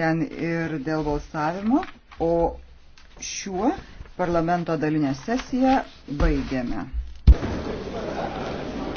ten ir dėl balsavimo, o šiuo parlamento dalinę sesiją baigiame.